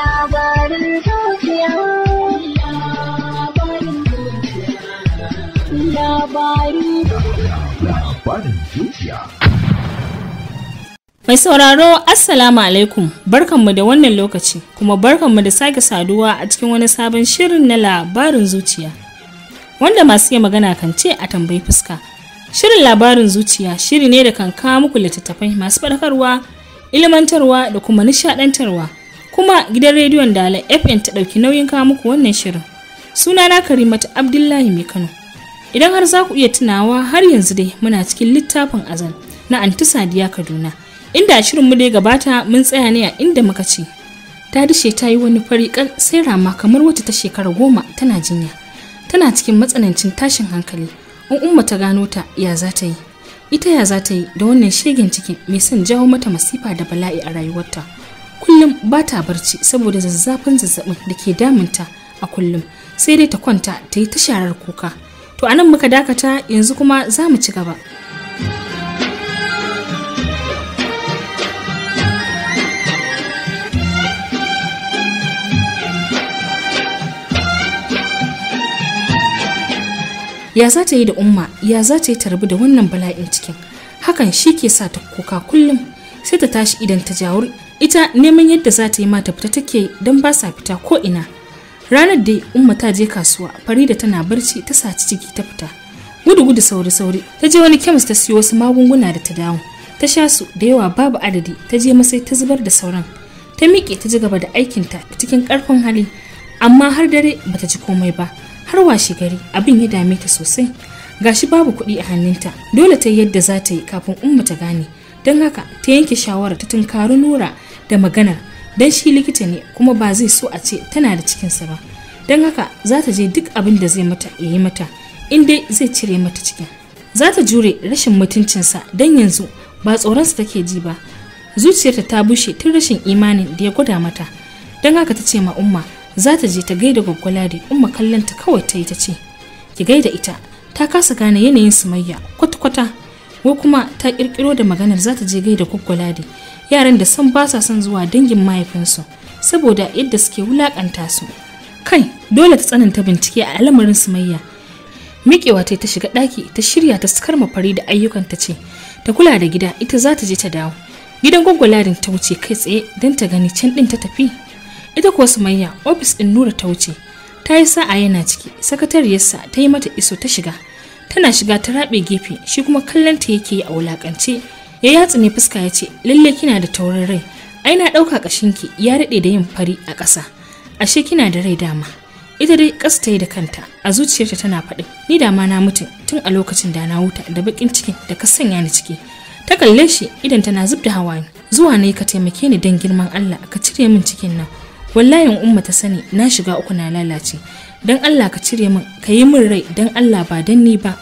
Labarin zuciya. Labarin zuciya. Mai sauraro Assalamu alaikum barkanmu da wannan lokaci kuma barkanmu da sake saduwa a cikin wani sabon shirin na labarin zuciya wanda masu iya magana kan ce a tambayi fuska. Shirin labarin zuciya shiri ne da kan kawo muku littattafai masu faɗakarwa, ilmantarwa da kuma nishaɗantarwa kuma gidan rediyon dala fm ta ɗauki nauyin kawo muku wannan shirin suna na karimata abdullahi mai kano idan har za ku iya tunawa har yanzu dai muna cikin littafin azan na antisadiya kaduna inda a shirinmu dai gabata mun tsaya ne a inda muka ce ta dishe ta yi wani fari kan sai rama kamar wata ta shekara goma tana jinya tana cikin matsanancin tashin hankali in umma ta gano ta ya za ta yi ita ya za ta yi da wannan shegen cikin mai son jawo mata masifa da bala'i a rayuwarta kullum ba ta barci saboda zazzafin zazzabin da ke damunta a kullum sai dai ta kwanta ta yi ta sharar kuka to anan muka dakata yanzu kuma za mu ci gaba ya za ta yi da umma ya za ta yi ta da wannan bala'in cikin hakan shi ke sa ta kuka kullum sai ta tashi idan ta jawur ita neman yadda za ta yi mata fita take don ba sa fita ko ina ranar da umma ta je kasuwa farida tana barci ta saci ciki ta fita gudu gudu sauri sauri ta je wani kemis ta siyo wasu magunguna da ta dawo ta sha su da yawa babu adadi ta je masai ta zubar da sauran ta miƙe ta ji gaba da aikin ta cikin ƙarfin hali amma har dare bata ji komai ba har washe gari abin ya dame ta sosai gashi babu kuɗi a hannunta dole ta yi yadda za ta yi kafin umma ta gane don haka ta yanke shawarar ta tunkari nura da magana don shi likita ne kuma ba zai so a ce tana da cikinsa ba don haka za ta je duk abin da zai mata ya yi mata in dai zai cire mata cikin za ta jure rashin mutuncinsa don yanzu ba tsoronsa take ji ba zuciyarta ta bushe tun rashin imanin da ya gwada mata don haka ta ce ma umma za ta je ta gaida gwaggwala da umma kallonta kawai ta yi ta ce ki gaida ita ta kasa gane yanayin sumayya kwata-kwata ko kuma ta kirkiro da maganar za ta je gai gaida kwakwalade yaran da san ba sa son zuwa dangin mahaifinsu saboda yadda suke wulakanta su kai dole ta tsananta bincike a al'amarin sumayya miƙewa ta ta shiga ɗaki ta shirya ta sukar mafari da ayyukan ta ce ta kula da gida ita za ta je ta dawo gidan gwaggwaladin ta wuce kai tsaye don ta gani can ɗin ta tafi ita kuwa sumayya ofis ɗin nura ta wuce ta yi sa'a yana ciki sakatariyarsa ta yi mata iso ta shiga tana shiga ta rabe gefe shi kuma kallon ta yake a wulakance ya yatsa ne fuska ya ce lalle kina da taurin rai ai na ɗauka ki ya daɗe da yin fari a ƙasa ashe kina da rai dama ita dai ƙasa ta yi da kanta a zuciyarta tana faɗi ni da ma na mutum tun a lokacin da na huta da baƙin cikin da ka sanya ni ciki ta kalle shi idan tana zub da hawaye zuwa ne ka taimake ni dan girman Allah ka cire min cikin nan wallahi umma ta sani na shiga uku na lalace don Allah ka cire min ka yi min rai don Allah ba don ni ba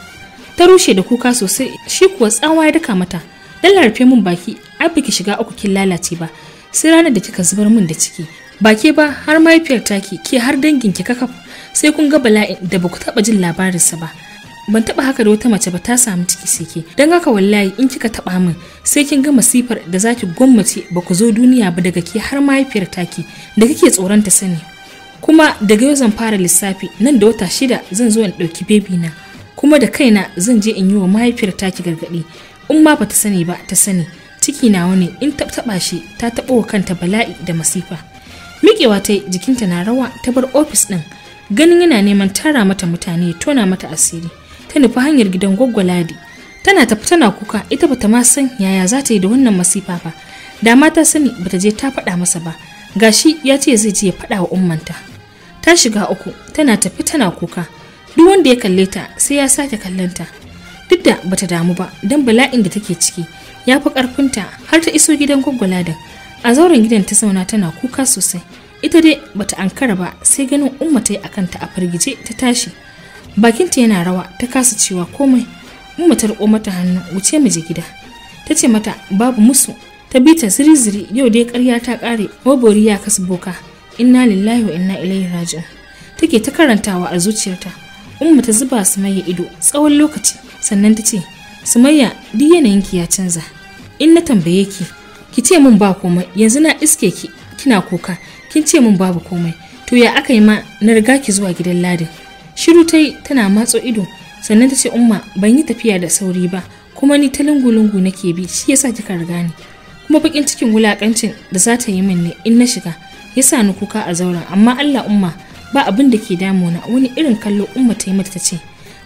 ta rushe da kuka sosai shi kuwa tsawa ya daka mata don larfe min baki ai baki shiga uku kin lalace ba sai ranar da kika zubar min da ciki baki ba har mahaifiyar taki ke har dangin ki kakaf sai kun ga bala'in da baku taba jin labarinsa ba ban taba haka da wata mace ba ta samu ciki sai ke dan haka wallahi in kika taba min sai kin ga masifar da zaki gwammace ba ku zo duniya ba daga ke har mahaifiyar taki da kike tsoron ta sani kuma daga yau zan fara lissafi nan da wata shida zan zo in ɗauki bebi na kuma da kaina zan je in yi wa mahaifiyar ki gargaɗi in ma bata sani ba ta sani ciki nawa ne in ta taɓa shi ta taɓa wa kanta bala'i da masifa miƙewa ta yi jikinta na rawa ta bar ofis ɗin ganin yana neman tara mata mutane tona mata asiri ta nufi hanyar gidan Ladi. tana tafi tana kuka ita bata ma san yaya za ta yi da wannan masifa ba da ma ta sani bata je ta faɗa masa ba gashi ya ce zai je ya faɗa wa ummanta ta shiga uku tana tafi tana kuka duk wanda ya kalle ta sai ya sake kallon ta duk da bata damu ba don bala'in da take ciki ya fi karfinta har ta iso gidan da a zauren gidan ta zauna tana kuka sosai ita dai bata ankara ba sai ganin umma ta yi akan ta a firgice ta tashi bakinta yana rawa ta kasa cewa komai umma ta riƙo mata hannu wuce mu je gida ta ce mata babu musu ta bi ta ziri-ziri yau dai karya ta kare obori ya kasu boka inna lillahi wa inna ilaihi raji'un take ta karantawa a zuciyarta umma ta zuba sumayya ido tsawon lokaci sannan ta ce sumayya duk yanayinki ya canza in na tambaye ki ki ce min ba komai yanzu na iske ki kina kuka kin ce min babu komai to ya aka yi ma na riga ki zuwa gidan ladin shiru ta tana matso ido sannan ta ce umma ban yi tafiya da sauri ba kuma ni ta lungu-lungu nake bi shi yasa kika riga ni kuma bakin cikin wulakancin da za ta yi min ne in na shiga ya sa ni kuka a zauren amma Allah umma ba abin da ke damuna wani irin kallo umma ta yi mata ta ce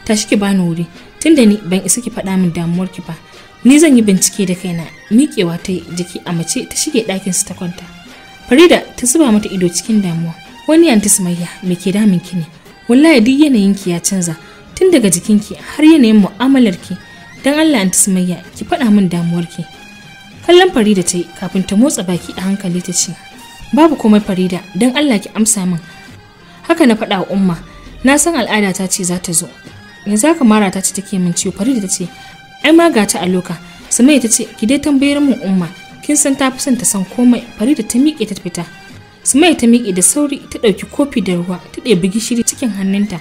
tashi ki bani wuri tun da ni ban isa ki faɗa min damuwar ki ba ni zan yi bincike da kaina miƙewa ta jiki a mace ta shige ɗakin su ta kwanta Farida ta zuba mata ido cikin damuwa wani yanti sumayya me ke damin ki ne wallahi duk yanayin ki ya canza tun daga jikinki har yanayin mu'amalar ki dan Allah anti sumayya ki faɗa min damuwar ki kallon farida ta yi kafin ta motsa baki a hankali ta ce babu komai farida don allah ki amsa min haka na faɗa wa umma na san al'ada ta ce za ta zo yanzu haka mara ta ce take min ciwo farida ta ce ai ma ga ta a loka samai ta ce ki dai tambayar min umma kin san ta fi son ta san komai farida ta miƙe ta fita samai ta miƙe da sauri ta ɗauki kofi da ruwa ta ɗebi gishiri cikin hannunta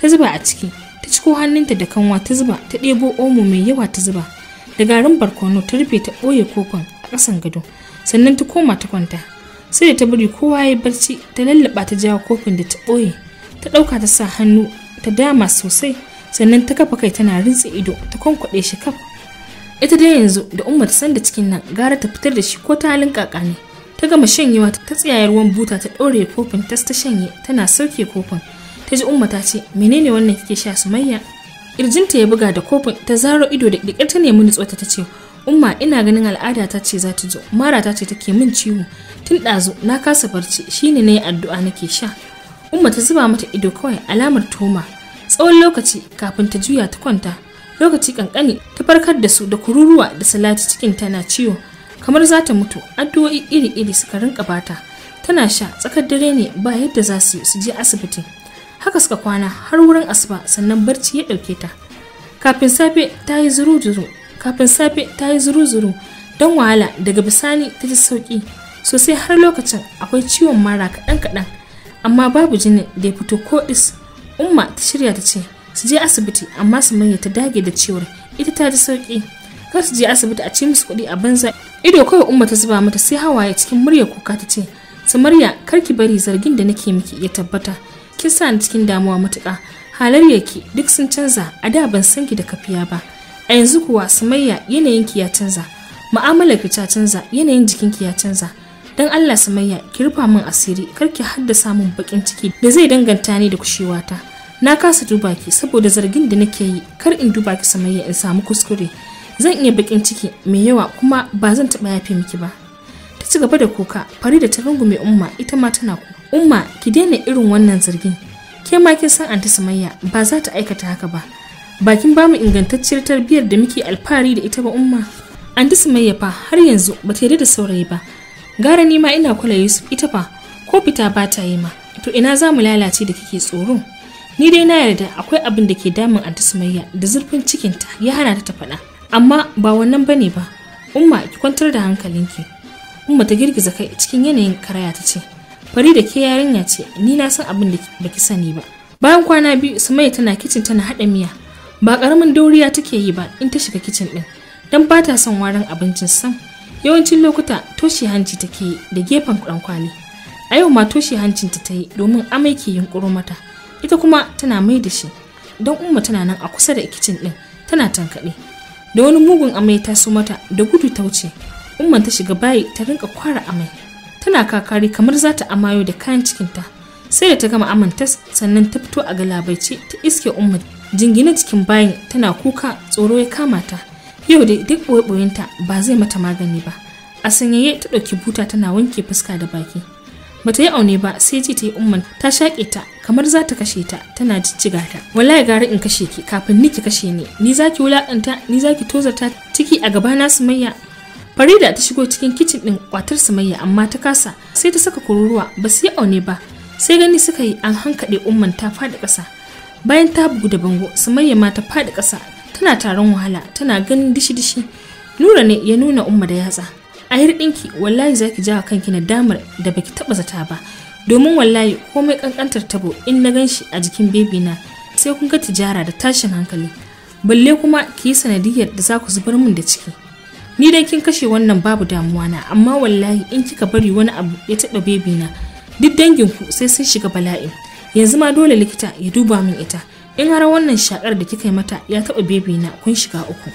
ta zuba a ciki ta ciko hannunta da kanwa ta zuba ta ɗebo omo mai yawa ta zuba da garin barkono ta rufe ta ɓoye kofin a ƙasan gado sannan ta koma ta kwanta sai da ta bari kowa ya barci ta lallaba ta jawo kofin da ta ɓoye ta ɗauka ta sa hannu ta dama sosai sannan ta kafa kai tana rintse ido ta kwankwaɗe shi kaf ita dai yanzu da umma ta san da cikin nan gara ta fitar da shi ko ta halin kaka ne ta gama shanyewa ta tsaya ruwan buta ta ɗore kofin ta ta shanye tana sauke kofin ta ji umma ta ce menene wannan kike sha su sumayya kirjinta ya buga da kofin ta zaro ido da ƙirƙir ta nemi nutsuwa ta ce umma ina ganin al'ada ta ce za ta zo mara ta ce take min ciwo tun ɗazu na kasa barci shine na yi addu'a nake sha umma ta zuba mata ido kawai alamar toma tsawon lokaci kafin ta juya ta kwanta lokaci kankani ta farkar da su da kururuwa da salati cikin tana ciwo kamar za ta mutu addu'o'i iri-iri suka rinka bata tana sha tsakar dare ne ba yadda za su yi su je asibiti. haka suka kwana har wurin asuba sannan barci ya ɗauke ta kafin safe ta yi zuru-zuru kafin safe ta yi zuru-zuru don wahala daga bisani ta ji sauƙi sosai har lokacin akwai ciwon mara kaɗan-kaɗan amma babu jinin da ya fito ko is umma ta shirya ta ce su je asibiti amma su manya ta dage da ciwon ita ta ji sauƙi kar su je asibiti a ci musu kuɗi a banza ido kawai umma ta zuba mata sai hawaye cikin murya kuka ta ce samarya kar ki bari zargin da nake miki ya tabbata kin sa ni cikin damuwa matuƙa yake duk sun canza a da ban san ki da kafiya ba a yanzu kuwa sumayya ki ya canza ki ta canza yanayin jikin ki ya canza don Allah sumayya ki rufa min asiri kar ki haddasa min bakin ciki da zai danganta ni da kushewata na kasa duba ki saboda zargin da nake yi kar in duba ki sumayya in samu kuskure zan iya bakin ciki mai yawa kuma ba zan taɓa yafe miki ba ta ci gaba da kuka fari da ta rungume umma ita ma tana kuka Umma ki daina irin wannan zargin. Ke ma kin san Anti samayya ba za ta aikata haka ba. Bakin bamu ingantacciyar tarbiyyar da muke alfahari da ita ba Umma. Anti samayya fa har yanzu ba ta yarda da saurayi ba. Gara ni ma ina kula Yusuf ita fa ko fita ba ta yi ma. To ina za mu lalace da kike tsoro? Ni dai na yarda akwai abin da ke damun Anti samayya da zurfin cikinta ya hana ta tafada. faɗa. Amma ba wannan bane ba. Umma ki kwantar da hankalinki. Umma ta girgiza kai cikin yanayin karaya ta ce. fari da ke yarinya ce ni na san abin da baki sani ba bayan kwana biyu sumaya tana kicin tana haɗa miya ba ƙaramin dauriya take yi ba in ta shiga kicin ɗin don ba ta son warin abincin sam yawancin lokuta toshe hanci take yi da gefen ɗan kwali a yau ma toshe hancin ta yi domin amai ke yunƙuro mata ita kuma tana mai da shi don umma tana nan a kusa da kicin ɗin tana tankaɗe da wani mugun amai ta so mata da gudu ta wuce umman ta shiga bayi ta rinka kwara amai tana kakari kamar za ta amayo da kayan cikinta sai da ta gama amintas sannan ta fito a galabaice ta iske umma jingina cikin bayan tana kuka tsoro ya kama ta yau dai duk ɓoye ba zai mata magani ba a sanyaye ta ɗauki buta tana wanke fuska da baki bata yi aune ba sai ji ta yi umman ta shaƙe ta kamar za ta kashe ta tana jijjiga ta ya gara in kashe ki kafin ni ki kashe ni ni za ki wulaƙanta ni za ki ta ciki a gaba na sumayya Farida ta shigo cikin kicin ɗin kwatar Sumayya amma ta kasa sai ta saka kururuwa ba su yi aune ba sai gani suka yi an hankaɗe umman ta faɗi ƙasa. Bayan ta bugu da bango Sumayya ma ta faɗi ƙasa tana taron wahala tana ganin dishi-dishi. Nura ne ya nuna umma da yatsa. A yar ɗinki wallahi zaki ki jawa kanki na damar da baki taɓa zata ba. Domin wallahi komai ƙanƙantar tabo in na ganshi a jikin bebi na sai kun ga tijara da tashin hankali. Balle kuma ki yi sanadiyar da za ku zubar min da ciki. ni dai kin kashe wannan babu damuwa na amma wallahi in kika bari wani abu ya taɓa bebi na duk dangin ku sai sun shiga bala'i yanzu ma dole likita ya duba min ita in har wannan shakar da kika yi mata ya taɓa bebi na kun shiga uku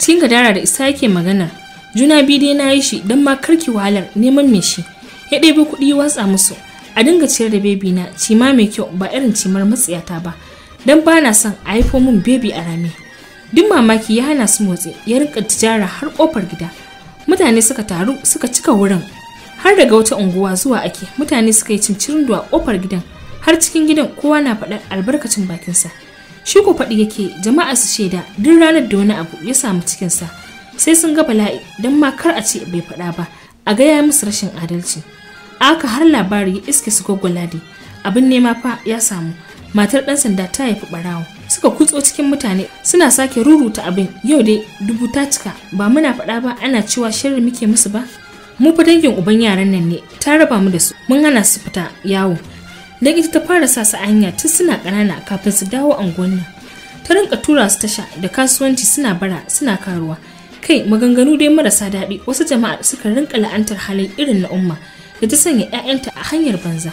cikin dara da isa yake magana juna biyu dai na yi shi don ma karki wahalar neman me shi ya ɗebi kuɗi watsa musu a dinga ciyar da bebi na cima mai kyau ba irin cimar matsiyata ba don ba na son a haifo min bebi a rame duk mamaki ya hana su motsi ya rinka tijara har kofar gida mutane suka taru suka cika wurin har daga wata unguwa zuwa ake mutane suka yi cincirin a kofar gidan har cikin gidan kowa na faɗar albarkacin bakinsa shi ko faɗi yake jama'a su shaida duk ranar da wani abu ya samu cikinsa sai sun ga bala'i don ma kar a ce bai faɗa ba a gaya musu rashin adalci aka har labari ya iske su Ladi, abin nema fa ya samu matar ɗan sanda ta haifi ɓarawo suka kutso cikin mutane suna sake ruruta abin yau dai dubu ta cika ba muna faɗa ba ana cewa shirin muke musu ba mu fa dangin uban yaran nan ne ta raba mu da su mun hana su fita yawo dan ita ta fara sa su hanya tun suna ƙanana kafin su dawo anguwan ta rinka tura su tasha da kasuwanci suna bara suna karuwa kai maganganu dai marasa daɗi wasu jama'a suka rinka la'antar halin irin na umma da ta sanya 'ya'yanta a hanyar banza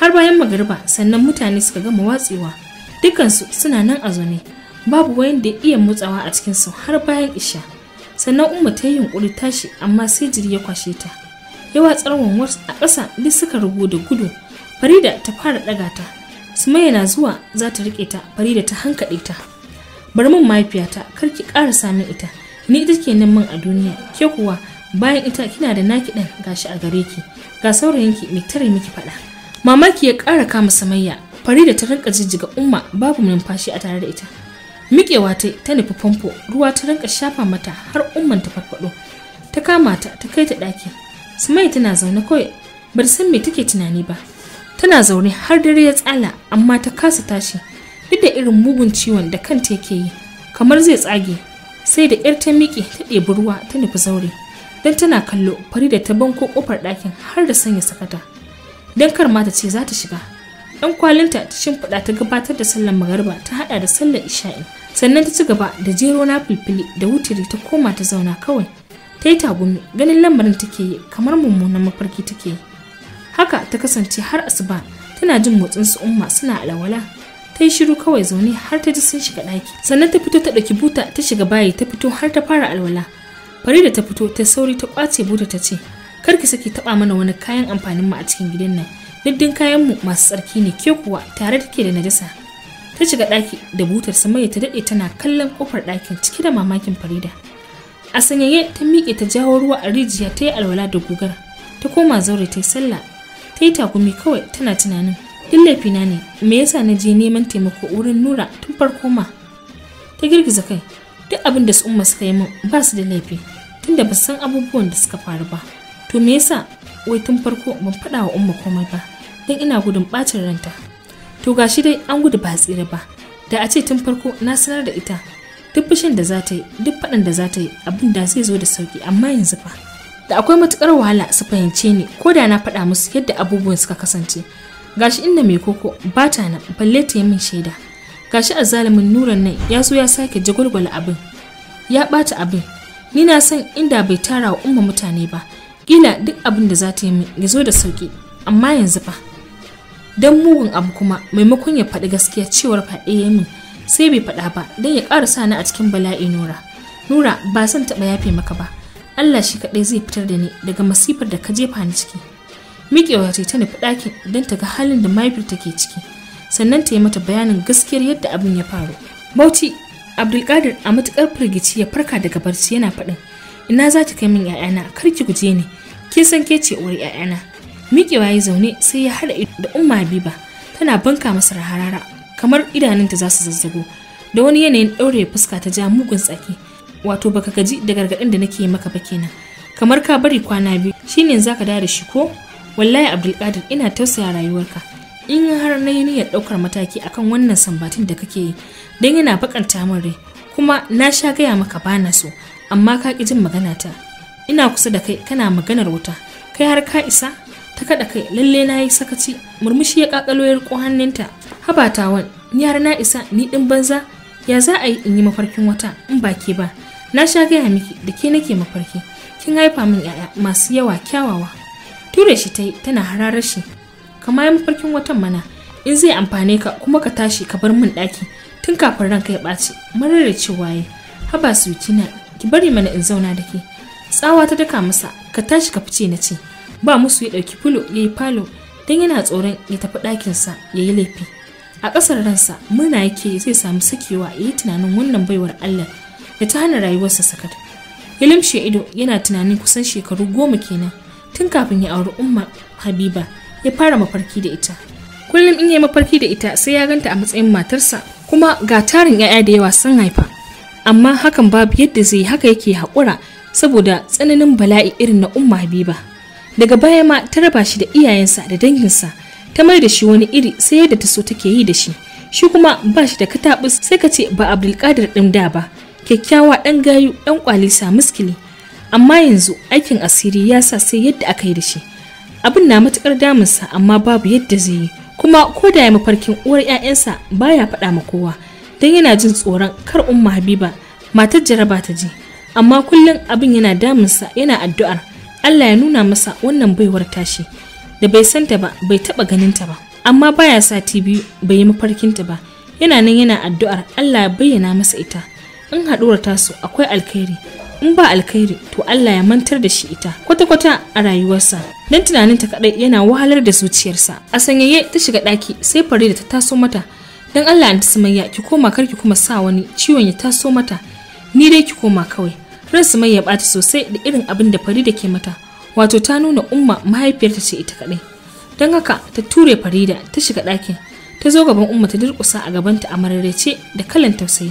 har bayan magariba sannan mutane suka gama watsewa dukansu suna nan a zaune babu wanda ya iya motsawa a cikinsu har bayan isha sannan umma ta yi yunkuri tashi amma sai jiri ya kwashe ta yawa watsar wanwar a ƙasa duk suka rugu da gudu farida ta fara ɗaga ta sumaya na zuwa za ta riƙe ta farida ta hankaɗe ta bar min mahaifiyata kar ki ƙara sami ita ni ita ke nan min a duniya ke kuwa bayan ita kina da naki ɗan gashi a gare ki ga saurayinki mai tare miki faɗa mamaki ya ƙara kama samayya fari da ta rinka jijjiga umma babu numfashi a tare da ita. Miƙewa ta ta nufi famfo ruwa ta rinka shafa mata har umman ta farfado. Ta kama ta ta kai ta ɗaki. Sumai tana zaune kawai bar san me take tunani ba. Tana zaune har dare ya tsala amma ta kasa tashi duk da irin mugun ciwon da kanta yake yi kamar zai tsage sai da 'yar ta miƙe ta ɗebi ruwa ta nufi zaure. don tana kallo fari da ta banko kofar ɗakin har da sanya sakata don kar mata ce za ta shiga Ɗan kwalinta ta shimfiɗa ta gabatar da sallar magariba, ta hada da sallar isha'i sannan ta ci gaba da jero na filfili da wutiri ta koma ta zauna kawai ta yi tagumi ganin lamarin take yi kamar mummunan mafarki take yi haka ta kasance har asuba tana jin motsin su umma suna alawala ta yi shiru kawai zaune har ta ji sun shiga ɗaki sannan ta fito ta ɗauki buta ta shiga bayi ta fito har ta fara alwala farida ta fito ta sauri ta ƙwace buta ta ce kar ki saki taɓa mana wani kayan amfanin mu a cikin gidan nan diddin kayanmu masu tsarki ne ke kuwa tare take da najasa ta shiga ɗaki da butar mai ta daɗe tana kallon ƙofar ɗakin cike da mamakin farida a sanyaye ta miƙe ta jawo ruwa a rijiya ta yi alwala da gugar ta koma zaure ta yi sallah ta yi takumi kawai tana tunanin duk laifina ne me yasa na je neman taimako wurin nura tun farko ma ta girgiza kai duk abin da su umma suka yi min ba su da laifi tunda ba san abubuwan da suka faru ba to me yasa wai tun farko ban faɗa wa umma komai ba don ina gudun ɓacin ranta to gashi dai an gudu ba tsira ba da a ce tun farko na sanar da ita duk fushin da za ta yi duk faɗan da za ta yi abin da zai zo da sauki amma yanzu fa da akwai matukar wahala su fahimce ni ko da na faɗa musu yadda abubuwan suka kasance gashi inda mai koko ba ta nan balle ta yi min shaida gashi a zalimin nuran nan ya zo ya sake jagwalgwala abin ya ɓata abin ni na san inda bai tara wa umma mutane ba kila duk abin da za ta yi min ya zo da sauki amma yanzu fa don mugun abu kuma maimakon ya faɗi gaskiya cewar faɗe ya min sai bai faɗa ba don ya ƙara sani a cikin bala'i nura nura ba zan taɓa yafe maka ba allah shi kaɗai zai fitar da ni daga masifar da ka jefa ni ciki miƙewa ce ta nufi ɗakin don ta ga halin da ta take ciki sannan ta yi mata bayanin gaskiyar yadda abin ya faru bauchi abdulkadir a matuƙar firgici ya farka daga barci yana faɗin ina za ta kai min 'ya'yana kar ki guje ni ke san ke ce uwar 'ya'yana miƙe ya zaune sai ya haɗa da umma habiba tana banka masa harara kamar idanunta za su zazzago da wani yanayin ɗaure fuska ta ja mugun tsaki wato baka gaji da gargaɗin da nake maka ba kenan kamar ka bari kwana biyu shine zaka dawo da shi ko wallahi abdulkadir ina tausaya rayuwarka in har na yi niyyar ɗaukar mataki akan wannan sambatin da kake yi don yana baƙar min rai kuma na sha gaya maka bana so amma ka ƙi jin magana ta ina kusa da kai kana maganar wuta kai har ka isa ta kaɗa kai lalle na yi sakaci murmushi ya ƙaƙalo ya riƙo hannunta habatawan yara na isa ni ɗin banza ya za a yi in yi mafarkin wata in ba ke ba na sha gaya miki da ke nake mafarki kin haifa min yaya masu yawa kyawawa ture shi ta yi tana hararar shi kama ya mafarkin watan mana in zai amfane ka kuma ka tashi ka bar min ɗaki tun kafin ranka ya ɓaci marar da cewa ya haba su ki bari mana in zauna da ke tsawa ta daka masa ka tashi ka fice na ce ba musu ya ɗauki fulo ya yi falo don yana tsoron ya tafi ɗakinsa ya yi laifi a ƙasar ransa murna yake zai samu sakewa ya yi tunanin wannan baiwar allah da ta hana rayuwarsa sakat ya limshe ido yana tunanin kusan shekaru goma kenan tun kafin ya auri umma habiba ya fara mafarki da ita kullum in ya mafarki da ita sai ya ganta a matsayin matarsa kuma ga tarin 'ya'ya da yawa sun haifa amma hakan babu yadda zai haka yake haƙura saboda tsananin bala'i irin na umma habiba daga baya ma ta raba shi da iyayensa da danginsa ta mai da shi wani iri sai yadda ta so take yi da shi shi kuma ba shi da kataɓus sai ka ce ba abdulkadir ɗin da ba kyakkyawa ɗan gayu ɗan kwalisa muskili amma yanzu aikin asiri ya sa sai yadda aka yi da shi abin na matukar damunsa amma babu yadda zai yi kuma ko da ya mafarkin uwar 'ya'yansa baya faɗa ma kowa don yana jin tsoron kar umma habiba matar jaraba ta je amma kullum abin yana damunsa yana addu'ar Allah ya nuna masa wannan baiwar tashi da bai santa ba bai taba ganinta ba amma baya sati biyu bai yi mafarkinta ba yana nan yana addu'ar Allah ya bayyana masa ita in haɗuwar tasu akwai alkhairi in ba alkhairi to Allah ya mantar da shi ita kwata-kwata a rayuwarsa tunanin ta kaɗai yana wahalar da zuciyarsa a sanyaye ta shiga ɗaki sai fare da ta taso mata dan Allah ya mayya, ki koma karki kuma sa wani ciwon ya taso mata ni dai ki koma kawai ransu mai ya bata sosai da irin abin da farida ke mata wato ta nuna umma mahaifiyarta ce ita kaɗai don haka ta ture farida ta shiga ɗakin ta zo gaban umma ta durkusa a gabanta a mararece da kalan tausayi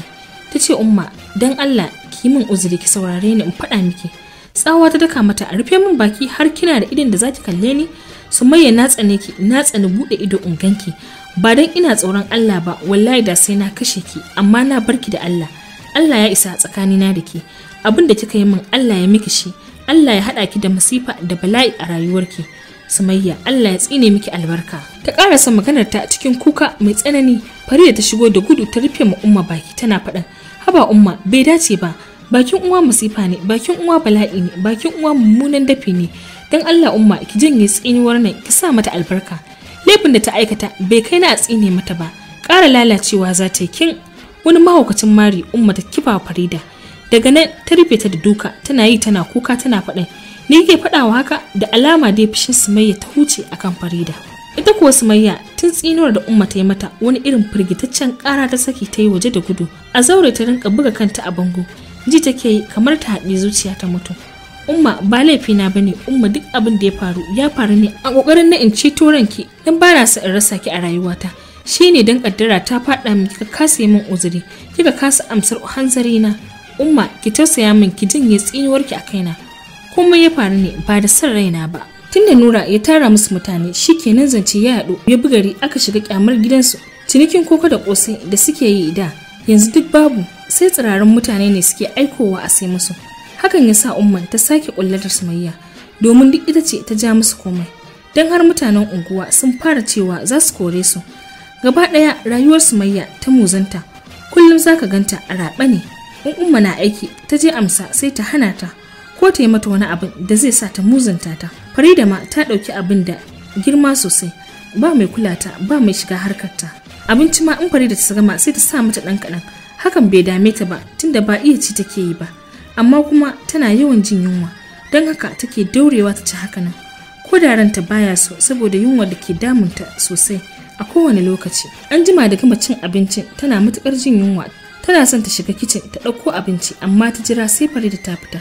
ta ce umma don allah ki yi min uzuri ki saurare ni in faɗa miki tsawa ta daka mata a rufe min baki har kina da idan da zaki kalle ni su maye na tsane ki na tsane buɗe ido in ganki ba dan ina tsoron allah ba wallahi da sai na kashe ki amma na barki da allah allah ya isa tsakanina da ke abin da kika yi min Allah ya miki shi Allah ya haɗa ki da masifa da bala'i a rayuwarki Sumayya Allah ya tsine miki albarka ta karasa maganar ta cikin kuka mai tsanani Farida ta shigo da gudu ta rufe ma umma baki tana faɗan haba umma bai dace ba bakin uwa masifa ne bakin uwa bala'i ne bakin uwa mummunan dafi ne dan Allah umma ki janye tsiniwar nan ki sa mata albarka laifin da ta aikata bai kai na a tsine mata ba kara lalacewa za ta yi kin wani mahaukacin mari umma ta kifa farida daga nan ta rufe ta da duka tana yi tana kuka tana faɗin ni ke faɗawa haka da alama dai fushin sumayya ta huce akan farida ita kuwa sumayya tun tsinuwar da umma ta yi mata wani irin firgitaccen ƙara ta saki ta yi waje da gudu a zaure ta rinka buga kanta a bango ji take yi kamar ta haɗe zuciya ta mutu umma ba laifi na bane umma duk abin da ya faru ya faru ne a kokarin na in ceto ranki dan ba na sa in rasa ki a rayuwata shine dan ƙaddara ta faɗa min kika kasa min uzuri kika kasa amsar hanzari na umma ki tausaya min ki janye ki a kaina komai ya faru ne ba da san raina ba tunda nura ya tara musu mutane shi shikenan zance ya yadu ya bi gari aka shiga kyamar gidansu cinikin koko da kosai da suke yi da yanzu duk babu sai tsirarin mutane ne suke aikowa a sai musu hakan ya sa umman ta sake da sumayya domin duk ita ce ta ja musu komai don har mutanen unguwa sun fara cewa za su kore su gaba ɗaya rayuwar sumayya ta muzanta kullum za ka ganta a raɓa ne in umma na aiki ta je amsa sai ta hana ta ko ta yi mata wani abin da zai sa ta muzanta ta farida ma ta ɗauki abin da girma sosai ba mai kula ta ba mai shiga harkar ta abinci ma in farida ta gama sai ta sa mata ɗan kaɗan hakan bai dame ta ba tunda ba iya ci take yi ba amma kuma tana yawan jin yunwa don haka take daurewa ta ci haka nan ko da ranta baya so saboda yunwa da ke damunta sosai a kowane lokaci an jima da gama cin abincin tana matukar jin yunwa tana son ta shiga kicin ta ɗauko abinci amma ta jira sai farida ta fita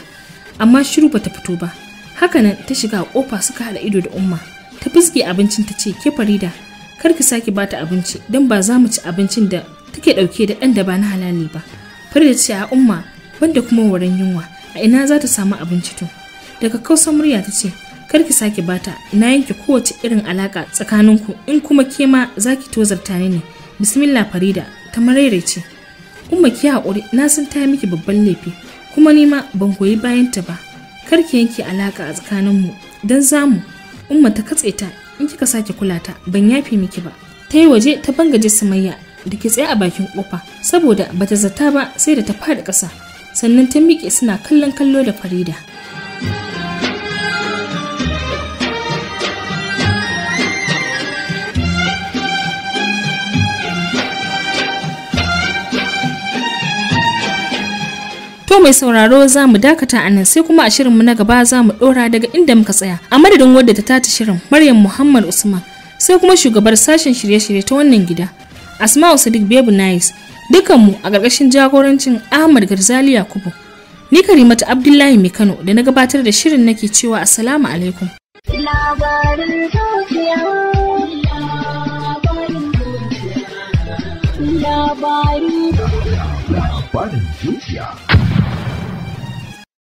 amma shiru bata fito ba hakanan ta shiga a kofa suka haɗa ido da umma ta fiske abincin ta ce ke farida kar ki sake bata abinci don ba za mu ci abincin da take ɗauke da ɗan da ba na halali ba farida ce a umma wanda kuma wurin yunwa a ina za ta samu abinci to daga kausa murya ta ce kar ki sake bata na yanke kowace irin alaka tsakaninku in kuma ke ma za ki tozarta ni ne bismillah farida ta ce. umma ki haƙuri na san ta miki babban laifi kuma ni ma ban goyi bayanta ba kar ki yanke alaka a tsakanin mu dan zamu umma ta katse ta in kika sake kula ta ban yafe miki ba ta yi waje ta bangaje samayya da ke tsaye a bakin kofa saboda bata zata ba sai da ta fadi ƙasa sannan ta miƙe suna kallon kallo da farida mai sauraro za mu dakata a nan sai kuma a shirinmu na gaba za mu ɗora daga inda muka tsaya. A madadin wadda ta tata shirin Maryam Muhammad Usman sai kuma shugabar sashen shirye-shirye ta wannan gida. Asma'u Sadiq Bebu nais dukanmu a ƙarƙashin jagorancin Ahmad Garzali Yakubu. Ni Karimatu Abdullahi Mai Kano da na gabatar da shirin nake cewa Assalamu alaikum. Labarin